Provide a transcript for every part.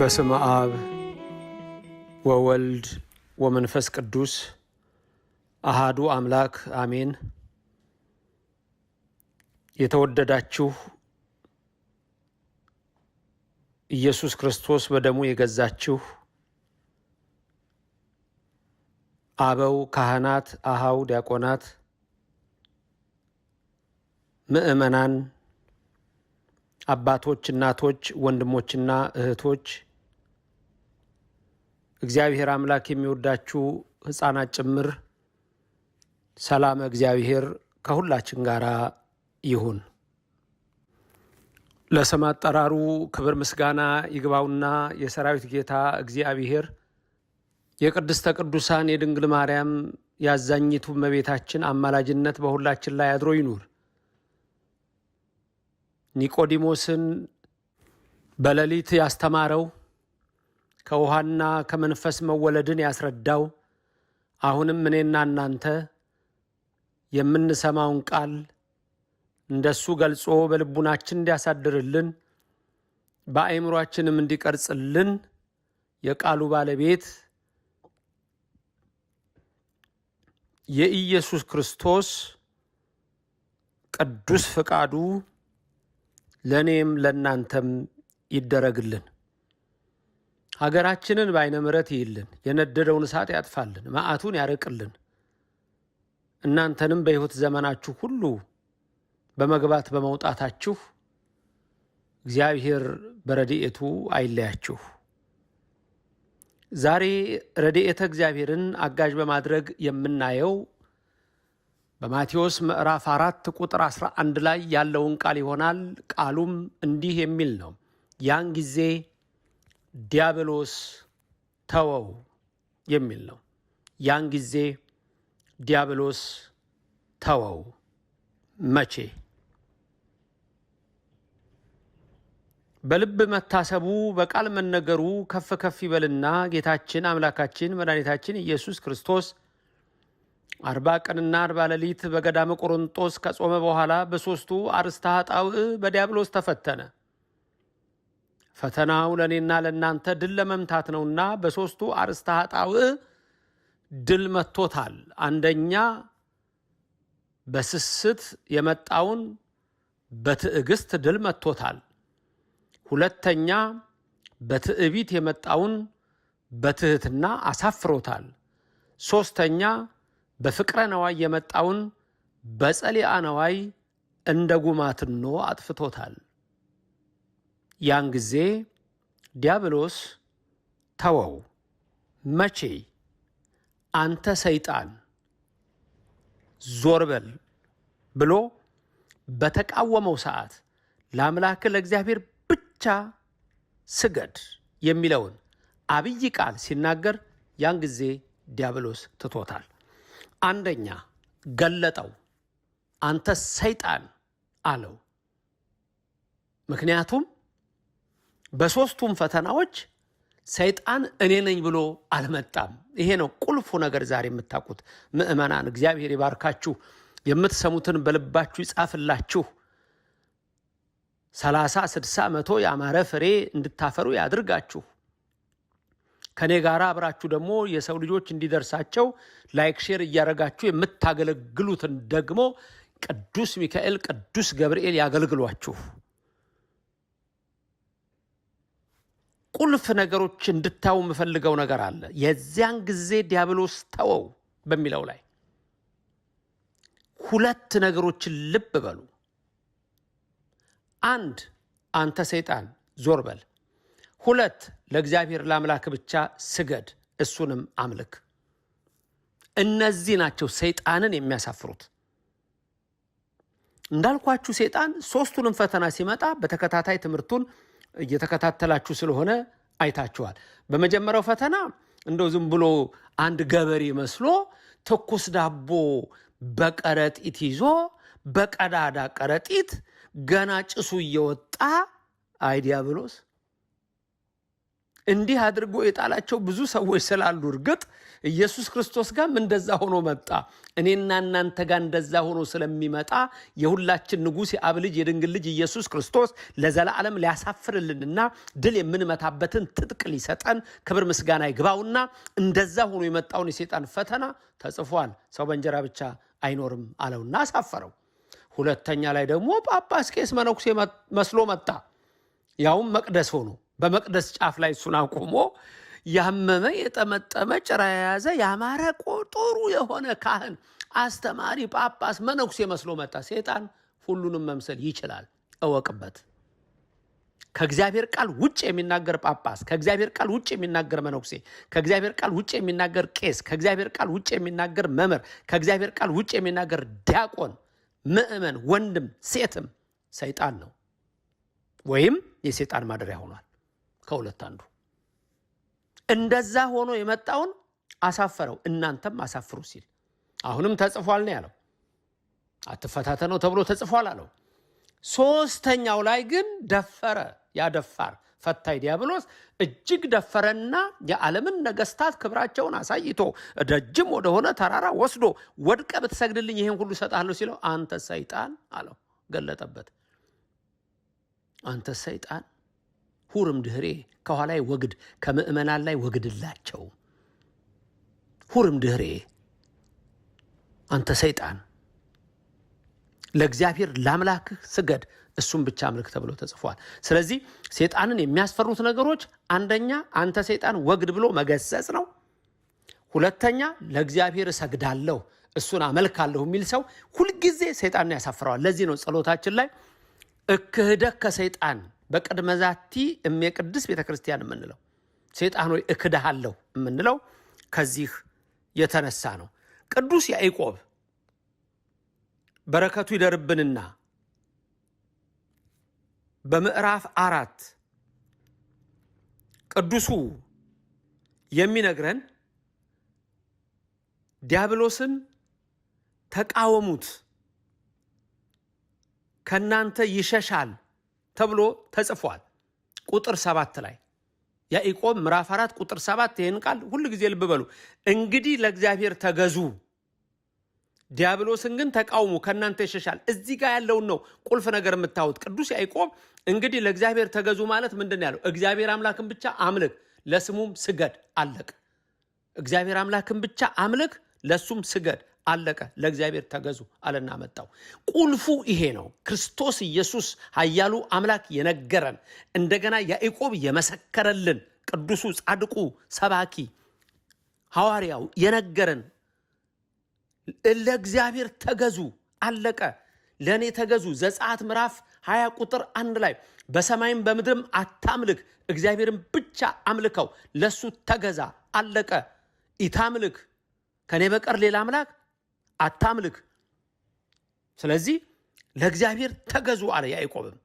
በስመ አብ ወወልድ ወመንፈስ ቅዱስ አሃዱ አምላክ አሜን። የተወደዳችሁ ኢየሱስ ክርስቶስ በደሙ የገዛችሁ አበው ካህናት፣ አሃው ዲያቆናት፣ ምዕመናን፣ አባቶች፣ እናቶች፣ ወንድሞችና እህቶች እግዚአብሔር አምላክ የሚወዳችሁ ሕፃናት ጭምር ሰላም እግዚአብሔር ከሁላችን ጋር ይሁን። ለስም አጠራሩ ክብር ምስጋና ይግባውና የሰራዊት ጌታ እግዚአብሔር የቅድስተ ቅዱሳን የድንግል ማርያም ያዛኝቱ እመቤታችን አማላጅነት በሁላችን ላይ አድሮ ይኑር። ኒቆዲሞስን በሌሊት ያስተማረው ከውሃና ከመንፈስ መወለድን ያስረዳው አሁንም እኔና እናንተ የምንሰማውን ቃል እንደሱ ገልጾ በልቡናችን እንዲያሳድርልን በአእምሯችንም እንዲቀርጽልን የቃሉ ባለቤት የኢየሱስ ክርስቶስ ቅዱስ ፍቃዱ ለእኔም ለእናንተም ይደረግልን። ሀገራችንን በአይነ ምረት ይይልን፣ የነደደውን እሳት ያጥፋልን፣ መዓቱን ያርቅልን። እናንተንም በሕይወት ዘመናችሁ ሁሉ በመግባት በመውጣታችሁ እግዚአብሔር በረድኤቱ አይለያችሁ። ዛሬ ረድኤተ እግዚአብሔርን አጋዥ በማድረግ የምናየው በማቴዎስ ምዕራፍ አራት ቁጥር 11 ላይ ያለውን ቃል ይሆናል። ቃሉም እንዲህ የሚል ነው። ያን ጊዜ ዲያብሎስ ተወው የሚል ነው። ያን ጊዜ ዲያብሎስ ተወው መቼ? በልብ መታሰቡ በቃል መነገሩ ከፍ ከፍ ይበልና ጌታችን አምላካችን መድኃኒታችን ኢየሱስ ክርስቶስ አርባ ቀንና አርባ ሌሊት በገዳመ ቆሮንጦስ ከጾመ በኋላ በሦስቱ አርስተ ኃጣውእ በዲያብሎስ ተፈተነ። ፈተናው ለእኔና ለእናንተ ድል ለመምታት ነውና በሦስቱ አርእስተ ኃጣውእ ድል መጥቶታል። አንደኛ በስስት የመጣውን በትዕግስት ድል መጥቶታል። ሁለተኛ በትዕቢት የመጣውን በትህትና አሳፍሮታል። ሦስተኛ በፍቅረ ነዋይ የመጣውን በጸሊአ ነዋይ እንደ ጉማትኖ አጥፍቶታል። ያን ጊዜ ዲያብሎስ ተወው። መቼ? አንተ ሰይጣን ዞር በል ብሎ በተቃወመው ሰዓት ለአምላክ ለእግዚአብሔር ብቻ ስገድ የሚለውን አብይ ቃል ሲናገር ያን ጊዜ ዲያብሎስ ትቶታል። አንደኛ ገለጠው፣ አንተ ሰይጣን አለው። ምክንያቱም በሶስቱም ፈተናዎች ሰይጣን እኔ ነኝ ብሎ አልመጣም። ይሄ ነው ቁልፉ ነገር ዛሬ የምታውቁት ምእመናን እግዚአብሔር ይባርካችሁ። የምትሰሙትን በልባችሁ ይጻፍላችሁ። ሰላሳ ስድሳ መቶ ያማረ ፍሬ እንድታፈሩ ያድርጋችሁ። ከእኔ ጋር አብራችሁ ደግሞ የሰው ልጆች እንዲደርሳቸው ላይክ ሼር እያደረጋችሁ የምታገለግሉትን ደግሞ ቅዱስ ሚካኤል፣ ቅዱስ ገብርኤል ያገልግሏችሁ። ቁልፍ ነገሮች እንድታው የምፈልገው ነገር አለ። የዚያን ጊዜ ዲያብሎስ ተወው በሚለው ላይ ሁለት ነገሮችን ልብ በሉ። አንድ አንተ ሰይጣን ዞር በል። ሁለት ለእግዚአብሔር ለአምላክ ብቻ ስገድ፣ እሱንም አምልክ። እነዚህ ናቸው ሰይጣንን የሚያሳፍሩት። እንዳልኳችሁ ሰይጣን ሶስቱንም ፈተና ሲመጣ በተከታታይ ትምህርቱን እየተከታተላችሁ ስለሆነ አይታችኋል። በመጀመሪያው ፈተና እንደው ዝም ብሎ አንድ ገበሬ መስሎ ትኩስ ዳቦ በቀረጢት ይዞ በቀዳዳ ቀረጢት ገና ጭሱ እየወጣ አይ ዲያብሎስ እንዲህ አድርጎ የጣላቸው ብዙ ሰዎች ስላሉ እርግጥ ኢየሱስ ክርስቶስ ጋርም እንደዛ ሆኖ መጣ። እኔና እናንተ ጋር እንደዛ ሆኖ ስለሚመጣ የሁላችን ንጉሥ የአብ ልጅ የድንግል ልጅ ኢየሱስ ክርስቶስ ለዘላለም ሊያሳፍርልንና ድል የምንመታበትን ትጥቅ ሊሰጠን ክብር ምስጋና ይግባውና እንደዛ ሆኖ የመጣውን የሴጣን ፈተና ተጽፏል፣ ሰው በእንጀራ ብቻ አይኖርም አለውና አሳፈረው። ሁለተኛ ላይ ደግሞ ጳጳስ፣ ቄስ፣ መነኩሴ መስሎ መጣ፣ ያውም መቅደስ ሆኖ በመቅደስ ጫፍ ላይ እሱን አቁሞ ያመመ የጠመጠመ ጭራ የያዘ ያማረ ጥሩ የሆነ ካህን፣ አስተማሪ፣ ጳጳስ፣ መነኩሴ መስሎ መጣ። ሴጣን ሁሉንም መምሰል ይችላል፣ እወቅበት። ከእግዚአብሔር ቃል ውጭ የሚናገር ጳጳስ፣ ከእግዚአብሔር ቃል ውጭ የሚናገር መነኩሴ፣ ከእግዚአብሔር ቃል ውጭ የሚናገር ቄስ፣ ከእግዚአብሔር ቃል ውጭ የሚናገር መምህር፣ ከእግዚአብሔር ቃል ውጭ የሚናገር ዲያቆን፣ ምእመን ወንድም ሴትም ሰይጣን ነው ወይም የሴጣን ማደሪያ ሆኗል። ከሁለት አንዱ። እንደዛ ሆኖ የመጣውን አሳፈረው፣ እናንተም አሳፍሩ ሲል አሁንም ተጽፏል ነው ያለው። አትፈታተነው ተብሎ ተጽፏል አለው። ሶስተኛው ላይ ግን ደፈረ። ያደፋር ፈታይ ዲያብሎስ እጅግ ደፈረና የዓለምን ነገስታት ክብራቸውን አሳይቶ ደጅም ወደሆነ ተራራ ወስዶ ወድቀ ብትሰግድልኝ ይህን ሁሉ እሰጥሃለሁ ሲለው አንተ ሰይጣን አለው። ገለጠበት። አንተ ሰይጣን ሁርም ድህሬ ከኋላይ ወግድ ከምእመናን ላይ ወግድላቸው። ሁርም ድህሬ አንተ ሰይጣን ለእግዚአብሔር ለአምላክህ ስገድ እሱም ብቻ አምልክ ተብሎ ተጽፏል። ስለዚህ ሰይጣንን የሚያስፈሩት ነገሮች አንደኛ አንተ ሰይጣን ወግድ ብሎ መገሰጽ ነው። ሁለተኛ ለእግዚአብሔር እሰግዳለሁ እሱን አመልካለሁ የሚል ሰው ሁልጊዜ ሰይጣንን ያሳፍረዋል። ለዚህ ነው ጸሎታችን ላይ እክህደ ከሰይጣን። በቅድመ ዛቲ እሜቅድስ ቤተ ክርስቲያን የምንለው ሴጣን ሆይ እክድሃለሁ የምንለው ከዚህ የተነሳ ነው። ቅዱስ ያዕቆብ በረከቱ ይደርብንና በምዕራፍ አራት ቅዱሱ የሚነግረን ዲያብሎስን ተቃወሙት፣ ከእናንተ ይሸሻል ተብሎ ተጽፏል። ቁጥር ሰባት ላይ ያዕቆብ ምዕራፍ አራት ቁጥር ሰባት ይህን ቃል ሁል ጊዜ ልብ በሉ። እንግዲህ ለእግዚአብሔር ተገዙ፣ ዲያብሎስን ግን ተቃውሙ፣ ከእናንተ ይሸሻል። እዚህ ጋር ያለውን ነው ቁልፍ ነገር የምታዩት። ቅዱስ ያዕቆብ እንግዲህ ለእግዚአብሔር ተገዙ ማለት ምንድን ያለው? እግዚአብሔር አምላክን ብቻ አምልክ፣ ለስሙም ስገድ። አለቅ። እግዚአብሔር አምላክን ብቻ አምልክ፣ ለሱም ስገድ። አለቀ፣ ለእግዚአብሔር ተገዙ አለና መጣው። ቁልፉ ይሄ ነው። ክርስቶስ ኢየሱስ ኃያሉ አምላክ የነገረን እንደገና ያዕቆብ የመሰከረልን ቅዱሱ ጻድቁ ሰባኪ ሐዋርያው የነገረን ለእግዚአብሔር ተገዙ አለቀ፣ ለእኔ ተገዙ። ዘጸአት ምዕራፍ 20 ቁጥር አንድ ላይ በሰማይም በምድርም አታምልክ፣ እግዚአብሔርን ብቻ አምልከው፣ ለሱ ተገዛ አለቀ። ኢታምልክ ከእኔ በቀር ሌላ አምላክ አታምልክ፣ ስለዚህ ለእግዚአብሔር ተገዙ አለ ያዕቆብም።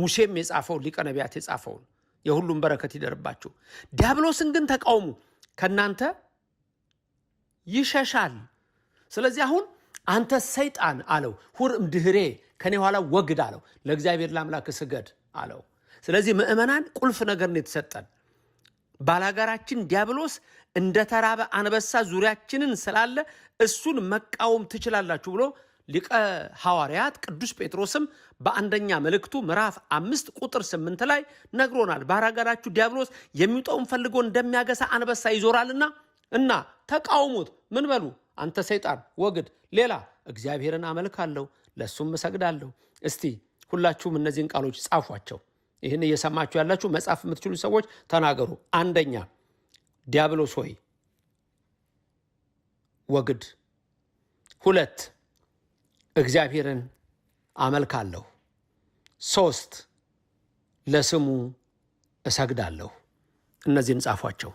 ሙሴም የጻፈውን ሊቀ ነቢያት የጻፈውን የሁሉም በረከት ይደርባችሁ። ዲያብሎስን ግን ተቃውሙ፣ ከእናንተ ይሸሻል። ስለዚህ አሁን አንተ ሰይጣን አለው ሁር እምድህሬ ከኔ ኋላ ወግድ አለው። ለእግዚአብሔር ለአምላክ ስገድ አለው። ስለዚህ ምእመናን ቁልፍ ነገር ነው የተሰጠን ባላጋራችን ዲያብሎስ እንደ ተራበ አንበሳ ዙሪያችንን ስላለ እሱን መቃወም ትችላላችሁ ብሎ ሊቀ ሐዋርያት ቅዱስ ጴጥሮስም በአንደኛ መልእክቱ ምዕራፍ አምስት ቁጥር ስምንት ላይ ነግሮናል። ባራጋዳችሁ ዲያብሎስ የሚውጠውን ፈልጎ እንደሚያገሳ አንበሳ ይዞራልና እና ተቃውሙት። ምን በሉ? አንተ ሰይጣን ወግድ። ሌላ እግዚአብሔርን አመልካለሁ ለእሱም እሰግዳለሁ። እስቲ ሁላችሁም እነዚህን ቃሎች ጻፏቸው። ይህን እየሰማችሁ ያላችሁ መጻፍ የምትችሉ ሰዎች ተናገሩ። አንደኛ ዲያብሎስ ሆይ ወግድ። ሁለት እግዚአብሔርን አመልካለሁ። ሶስት ለስሙ እሰግዳለሁ። እነዚህን ጻፏቸው።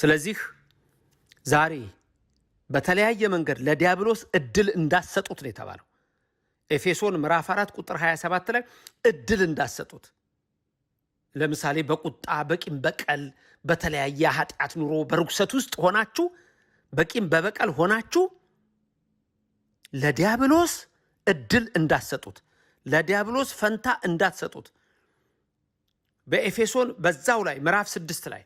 ስለዚህ ዛሬ በተለያየ መንገድ ለዲያብሎስ እድል እንዳሰጡት ነው የተባለው። ኤፌሶን ምዕራፍ 4 ቁጥር 27 ላይ እድል እንዳሰጡት ለምሳሌ በቁጣ በቂም በቀል በተለያየ ኃጢአት ኑሮ በርኩሰት ውስጥ ሆናችሁ በቂም በበቀል ሆናችሁ ለዲያብሎስ እድል እንዳትሰጡት፣ ለዲያብሎስ ፈንታ እንዳትሰጡት። በኤፌሶን በዛው ላይ ምዕራፍ ስድስት ላይ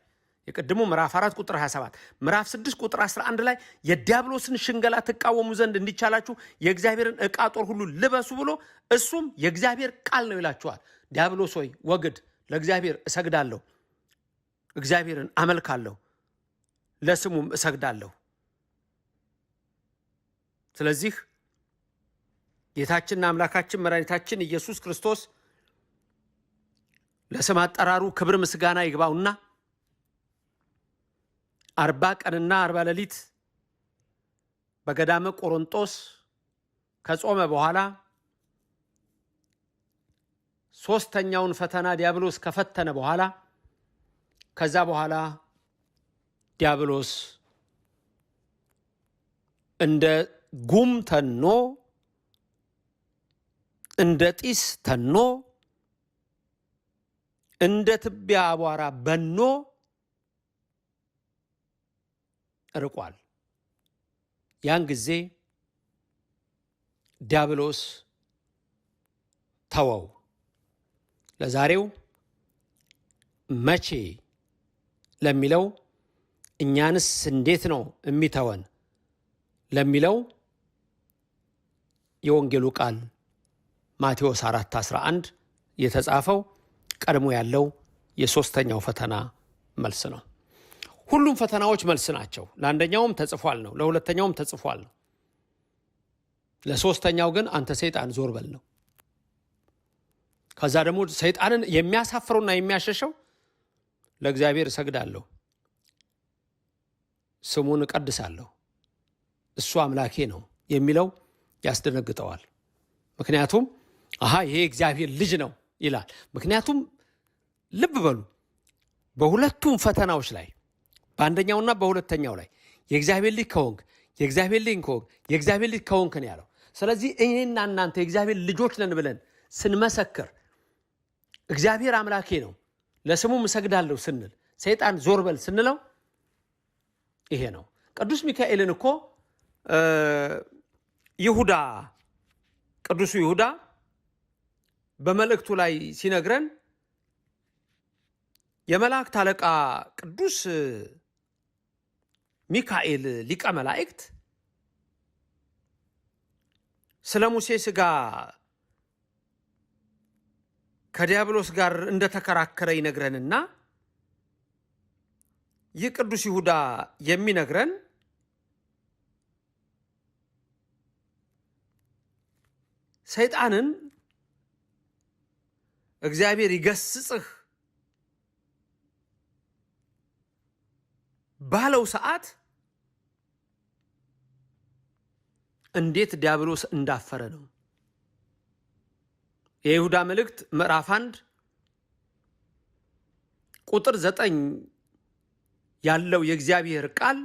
የቅድሞ ምዕራፍ 4 ቁጥር 27 ምዕራፍ 6 ቁጥር 11 ላይ የዲያብሎስን ሽንገላ ትቃወሙ ዘንድ እንዲቻላችሁ የእግዚአብሔርን ዕቃ ጦር ሁሉ ልበሱ ብሎ እሱም የእግዚአብሔር ቃል ነው ይላችኋል። ዲያብሎስ ሆይ ወግድ ለእግዚአብሔር እሰግዳለሁ፣ እግዚአብሔርን አመልካለሁ፣ ለስሙም እሰግዳለሁ። ስለዚህ ጌታችንና አምላካችን መድኃኒታችን ኢየሱስ ክርስቶስ ለስም አጠራሩ ክብር ምስጋና ይግባውና አርባ ቀንና አርባ ሌሊት በገዳመ ቆሮንጦስ ከጾመ በኋላ ሶስተኛውን ፈተና ዲያብሎስ ከፈተነ በኋላ ከዛ በኋላ ዲያብሎስ እንደ ጉም ተኖ እንደ ጢስ ተኖ እንደ ትቢያ አቧራ በኖ ርቋል። ያን ጊዜ ዲያብሎስ ተወው። ለዛሬው መቼ ለሚለው እኛንስ እንዴት ነው የሚተወን ለሚለው የወንጌሉ ቃል ማቴዎስ 4 11 የተጻፈው ቀድሞ ያለው የሶስተኛው ፈተና መልስ ነው። ሁሉም ፈተናዎች መልስ ናቸው። ለአንደኛውም ተጽፏል ነው፣ ለሁለተኛውም ተጽፏል ነው፣ ለሶስተኛው ግን አንተ ሰይጣን ዞር በል ነው። ከዛ ደግሞ ሰይጣንን የሚያሳፍረውና የሚያሸሸው ለእግዚአብሔር እሰግዳለሁ፣ ስሙን እቀድሳለሁ፣ እሱ አምላኬ ነው የሚለው ያስደነግጠዋል። ምክንያቱም አሃ ይሄ እግዚአብሔር ልጅ ነው ይላል። ምክንያቱም ልብ በሉ በሁለቱም ፈተናዎች ላይ በአንደኛውና በሁለተኛው ላይ የእግዚአብሔር ልጅ ከሆንክ የእግዚአብሔር ልጅ ከሆንክ የእግዚአብሔር ልጅ ከሆንክ ነው ያለው። ስለዚህ እኔና እናንተ የእግዚአብሔር ልጆች ነን ብለን ስንመሰክር እግዚአብሔር አምላኬ ነው ለስሙም እሰግዳለሁ ስንል ሰይጣን ዞር በል ስንለው ይሄ ነው። ቅዱስ ሚካኤልን እኮ ይሁዳ ቅዱሱ ይሁዳ በመልእክቱ ላይ ሲነግረን የመላእክት አለቃ ቅዱስ ሚካኤል ሊቀ መላእክት ስለ ሙሴ ስጋ ከዲያብሎስ ጋር እንደተከራከረ ይነግረንና ይህ ቅዱስ ይሁዳ የሚነግረን ሰይጣንን እግዚአብሔር ይገስጽህ ባለው ሰዓት እንዴት ዲያብሎስ እንዳፈረ ነው። የይሁዳ መልእክት ምዕራፍ አንድ ቁጥር ዘጠኝ ያለው የእግዚአብሔር ቃል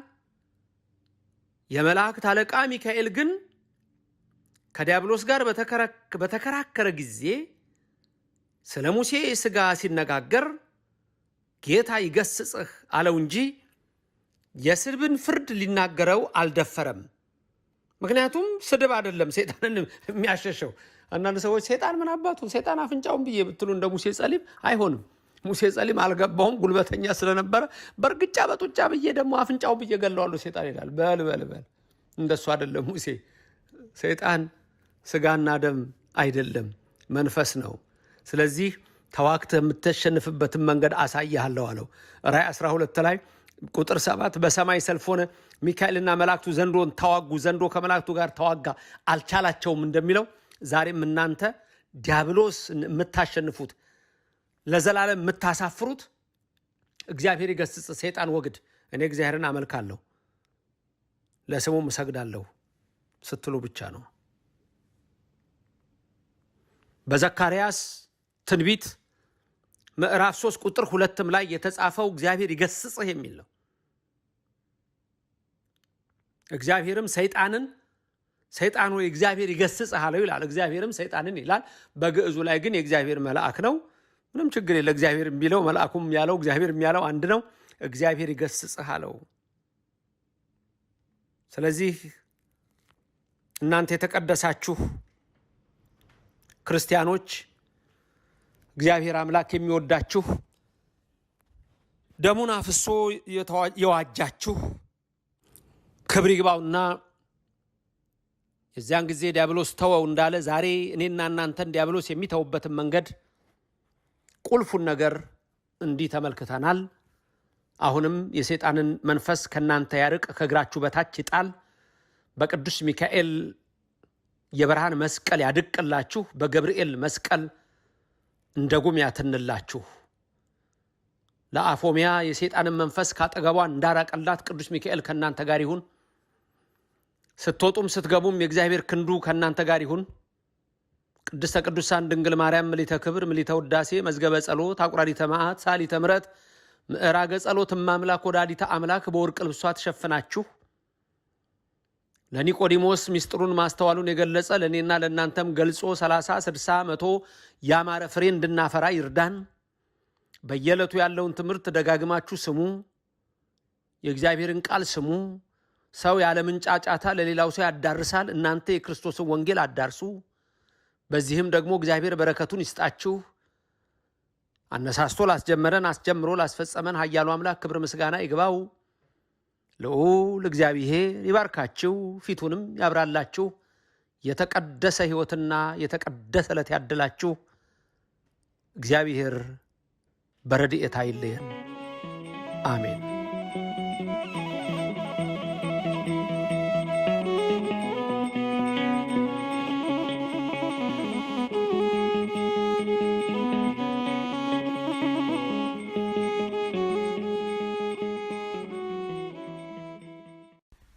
የመላእክት አለቃ ሚካኤል ግን ከዲያብሎስ ጋር በተከራከረ ጊዜ ስለ ሙሴ ሥጋ ሲነጋገር ጌታ ይገስጽህ አለው እንጂ የስድብን ፍርድ ሊናገረው አልደፈረም። ምክንያቱም ስድብ አይደለም ሰይጣንን የሚያሸሸው አንዳንድ ሰዎች ሴጣን ምን አባቱ ሴጣን አፍንጫውን ብዬ ብትሉ እንደ ሙሴ ጸሊም አይሆንም። ሙሴ ጸሊም አልገባውም፣ ጉልበተኛ ስለነበረ በእርግጫ በጡጫ ብዬ ደግሞ አፍንጫው ብዬ ገለዋለሁ ሴጣን ይላል። በል በል በል፣ እንደሱ አይደለም ሙሴ። ሰይጣን ስጋና ደም አይደለም መንፈስ ነው። ስለዚህ ተዋክተ የምተሸንፍበትን መንገድ አሳይሃለሁ አለው። ራእይ 12 ላይ ቁጥር ሰባት በሰማይ ሰልፍ ሆነ፣ ሚካኤልና መላእክቱ ዘንዶን ተዋጉ፣ ዘንዶ ከመላእክቱ ጋር ተዋጋ፣ አልቻላቸውም እንደሚለው ዛሬም እናንተ ዲያብሎስ የምታሸንፉት ለዘላለም የምታሳፍሩት እግዚአብሔር ይገስጽ፣ ሰይጣን ወግድ፣ እኔ እግዚአብሔርን አመልካለሁ ለስሙም እሰግዳለሁ ስትሉ ብቻ ነው። በዘካርያስ ትንቢት ምዕራፍ ሶስት ቁጥር ሁለትም ላይ የተጻፈው እግዚአብሔር ይገስጽህ የሚል ነው። እግዚአብሔርም ሰይጣንን ሰይጣን ወይ እግዚአብሔር ይገስጽሃለው ይላል። እግዚአብሔርም ሰይጣንን ይላል። በግዕዙ ላይ ግን የእግዚአብሔር መልአክ ነው። ምንም ችግር የለ። እግዚአብሔር የሚለው መልአኩም ያለው እግዚአብሔር የሚያለው አንድ ነው። እግዚአብሔር ይገስጽሃለው። ስለዚህ እናንተ የተቀደሳችሁ ክርስቲያኖች እግዚአብሔር አምላክ የሚወዳችሁ ደሙን አፍሶ የዋጃችሁ ክብር ይግባውና የዚያን ጊዜ ዲያብሎስ ተወው እንዳለ ዛሬ እኔና እናንተን ዲያብሎስ የሚተውበትን መንገድ ቁልፉን ነገር እንዲህ ተመልክተናል። አሁንም የሰይጣንን መንፈስ ከእናንተ ያርቅ፣ ከእግራችሁ በታች ይጣል፣ በቅዱስ ሚካኤል የብርሃን መስቀል ያድቅላችሁ፣ በገብርኤል መስቀል እንደ ጉም ያትንላችሁ። ለአፎሚያ የሰይጣንን መንፈስ ካጠገቧ እንዳራቀላት ቅዱስ ሚካኤል ከእናንተ ጋር ይሁን። ስትወጡም ስትገቡም የእግዚአብሔር ክንዱ ከእናንተ ጋር ይሁን። ቅድስተ ቅዱሳን ድንግል ማርያም ምሊተ ክብር፣ ምሊተ ውዳሴ፣ መዝገበ ጸሎት፣ አቁራዲተ መዓት፣ ሳሊተ ምረት፣ ምዕራገ ጸሎት እማምላክ ወዳዲተ አምላክ በወርቅ ልብሷ ተሸፍናችሁ ለኒቆዲሞስ ሚስጥሩን ማስተዋሉን የገለጸ ለእኔና ለእናንተም ገልጾ 30 60 መቶ ያማረ ፍሬ እንድናፈራ ይርዳን። በየዕለቱ ያለውን ትምህርት ደጋግማችሁ ስሙ። የእግዚአብሔርን ቃል ስሙ። ሰው ያለምን ጫጫታ ለሌላው ሰው ያዳርሳል። እናንተ የክርስቶስን ወንጌል አዳርሱ። በዚህም ደግሞ እግዚአብሔር በረከቱን ይስጣችሁ። አነሳስቶ ላስጀመረን አስጀምሮ ላስፈጸመን ኃያሉ አምላክ ክብር ምስጋና ይግባው። ልዑል እግዚአብሔር ይባርካችሁ፣ ፊቱንም ያብራላችሁ፣ የተቀደሰ ሕይወትና የተቀደሰ ዕለት ያድላችሁ። እግዚአብሔር በረድኤት አይለየን። አሜን።